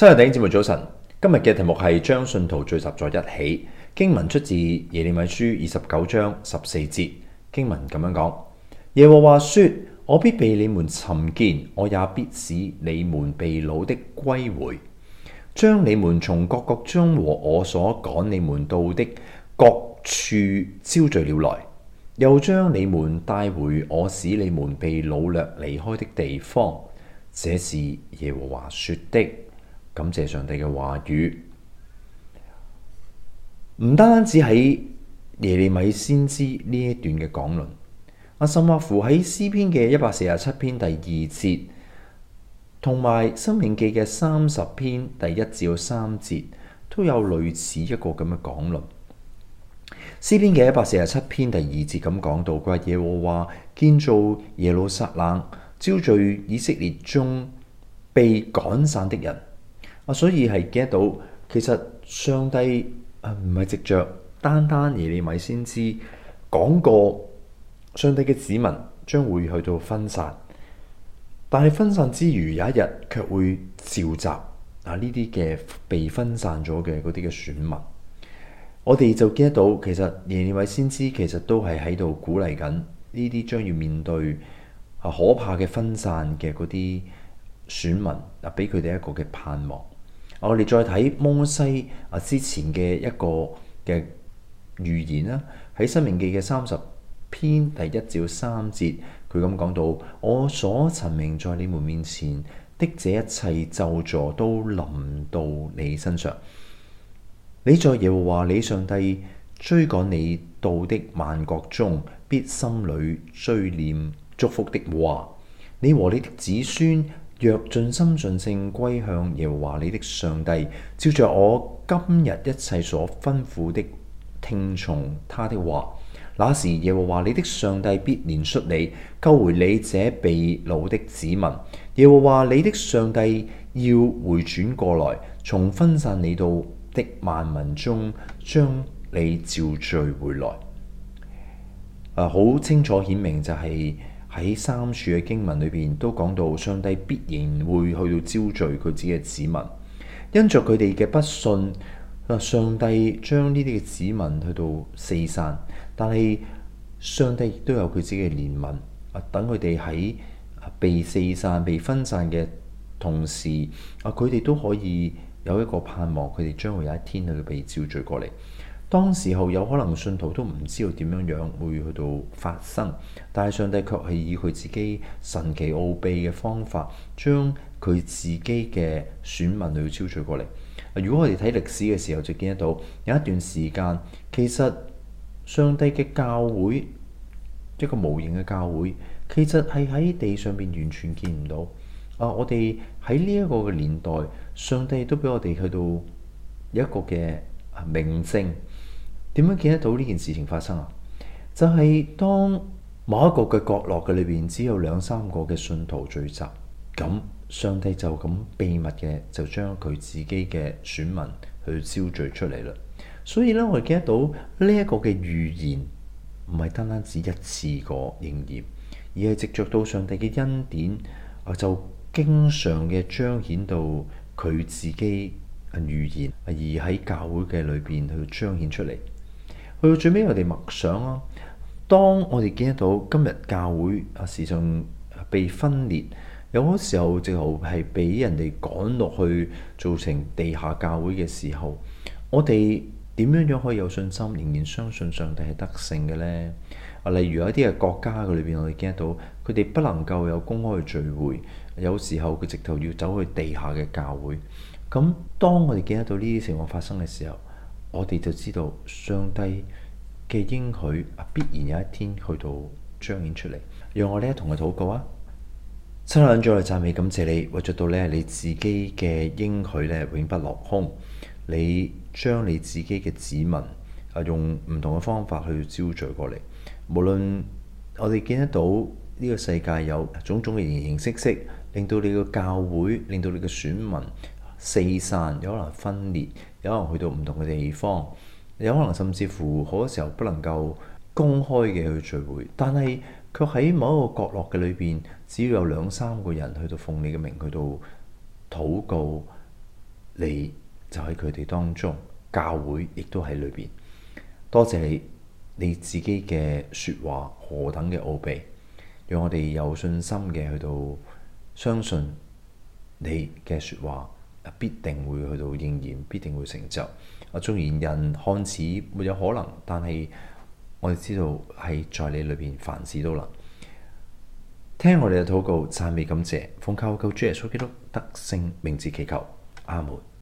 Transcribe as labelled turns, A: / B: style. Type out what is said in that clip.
A: 今日頂節目早晨，今日嘅題目係將信徒聚集在一起。經文出自耶利米書二十九章十四節。經文咁樣講：耶和華說，我必被你們尋見，我也必使你們被擄的歸回，將你們從各國中和我所趕你們到的各處招聚了來，又將你們帶回我使你們被擄掠離開的地方。這是耶和華說的。感謝上帝嘅話語，唔單止喺耶利米先知呢一段嘅講論，甚至乎喺詩篇嘅一百四十七篇第二節，同埋申命記嘅三十篇第一至到三節都有類似一個咁嘅講論。詩篇嘅一百四十七篇第二節咁講到，佢話耶和華建造耶路撒冷，招聚以色列中被趕散的人。啊，所以係 get 到，其實上帝唔係直着。單單耶利米先知講過，上帝嘅子民將會去到分散，但係分散之餘有一日卻會召集啊，呢啲嘅被分散咗嘅嗰啲嘅選民，我哋就 get 到，其實耶利米先知其實都係喺度鼓勵緊呢啲將要面對啊可怕嘅分散嘅嗰啲選民啊，俾佢哋一個嘅盼望。我哋再睇摩西啊之前嘅一個嘅預言啦，喺申命記嘅三十篇第一至三節，佢咁講到：我所陳明在你們面前的這一切咒詛都臨到你身上。你在耶和華你上帝追趕你到的萬國中，必心裏追念祝福的話。你和你的子孫。若盡心盡性歸向耶和華你的上帝，照着我今日一切所吩咐的聽從他的話，那時耶和華你的上帝必憐恤你，救回你這被擄的子民。耶和華你的上帝要回轉過來，從分散你到的萬民中將你召聚回來。啊，好清楚顯明就係、是。喺三處嘅經文裏邊都講到，上帝必然會去到招聚佢自己嘅子民，因着佢哋嘅不信，啊，上帝將呢啲嘅子民去到四散。但係上帝亦都有佢自己嘅憐憫，啊，等佢哋喺被四散、被分散嘅同時，啊，佢哋都可以有一個盼望，佢哋將會有一天去到被招聚過嚟。當時候有可能信徒都唔知道點樣樣會去到發生，但係上帝卻係以佢自己神奇奧秘嘅方法，將佢自己嘅選民去招取過嚟。如果我哋睇歷史嘅時候，就見得到有一段時間，其實上帝嘅教會，一個無形嘅教會，其實係喺地上邊完全見唔到。啊，我哋喺呢一個嘅年代，上帝都俾我哋去到一個嘅啊明證。點樣見得到呢件事情發生啊？就係、是、當某一個嘅角落嘅裏邊，只有兩三個嘅信徒聚集，咁上帝就咁秘密嘅就將佢自己嘅選民去招聚出嚟啦。所以呢，我哋見得到呢一、這個嘅預言唔係單單只一次過應驗，而係直着到上帝嘅恩典，啊就經常嘅彰顯到佢自己嘅預言，而喺教會嘅裏邊去彰顯出嚟。去到最尾，我哋默想啊，當我哋見得到今日教會啊時常被分裂，有好多時候直頭係俾人哋趕落去，造成地下教會嘅時候，我哋點樣樣可以有信心，仍然相信上帝係得勝嘅呢？啊，例如有一啲嘅國家嘅裏邊，我哋見得到佢哋不能夠有公開嘅聚會，有時候佢直頭要走去地下嘅教會。咁當我哋見得到呢啲情況發生嘅時候，我哋就知道上帝嘅應許啊，必然有一天去到彰顯出嚟。讓我一同佢禱告啊，親眼再嚟讚美感謝你，為咗到咧你自己嘅應許咧永不落空。你將你自己嘅子民啊，用唔同嘅方法去招聚過嚟。無論我哋見得到呢個世界有種種嘅形形色色，令到你個教會，令到你嘅選民。四散有可能分裂，有可能去到唔同嘅地方，有可能甚至乎好多時候不能夠公開嘅去聚會，但係卻喺某一個角落嘅裏邊，只要有兩三個人去到奉你嘅名去到禱告你，你就喺佢哋當中，教會亦都喺裏邊。多謝你，你自己嘅說話何等嘅奧秘，讓我哋有信心嘅去到相信你嘅說話。必定會去到應驗，必定會成就。啊，雖然人看似沒有可能，但係我哋知道係在你裏邊凡事都能。聽我哋嘅禱告，讚美感謝，奉靠靠靠主耶穌基督得勝，名字祈求，阿門。